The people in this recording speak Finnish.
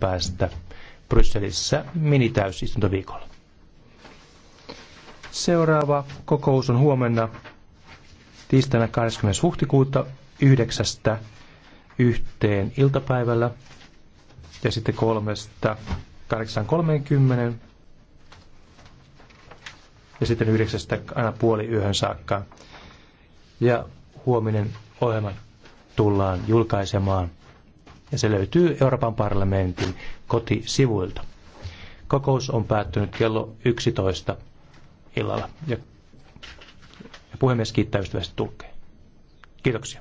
päästä Brysselissä minitäysistuntoviikolla. Seuraava kokous on huomenna tiistaina 20. huhtikuuta 9. yhteen iltapäivällä ja sitten kolmesta 8.30 ja sitten yhdeksästä aina puoli yöhön saakka. Ja huominen ohjelma tullaan julkaisemaan ja se löytyy Euroopan parlamentin kotisivuilta. Kokous on päättynyt kello 11 illalla ja puhemies kiittää ystävästi tulkkeja. Kiitoksia.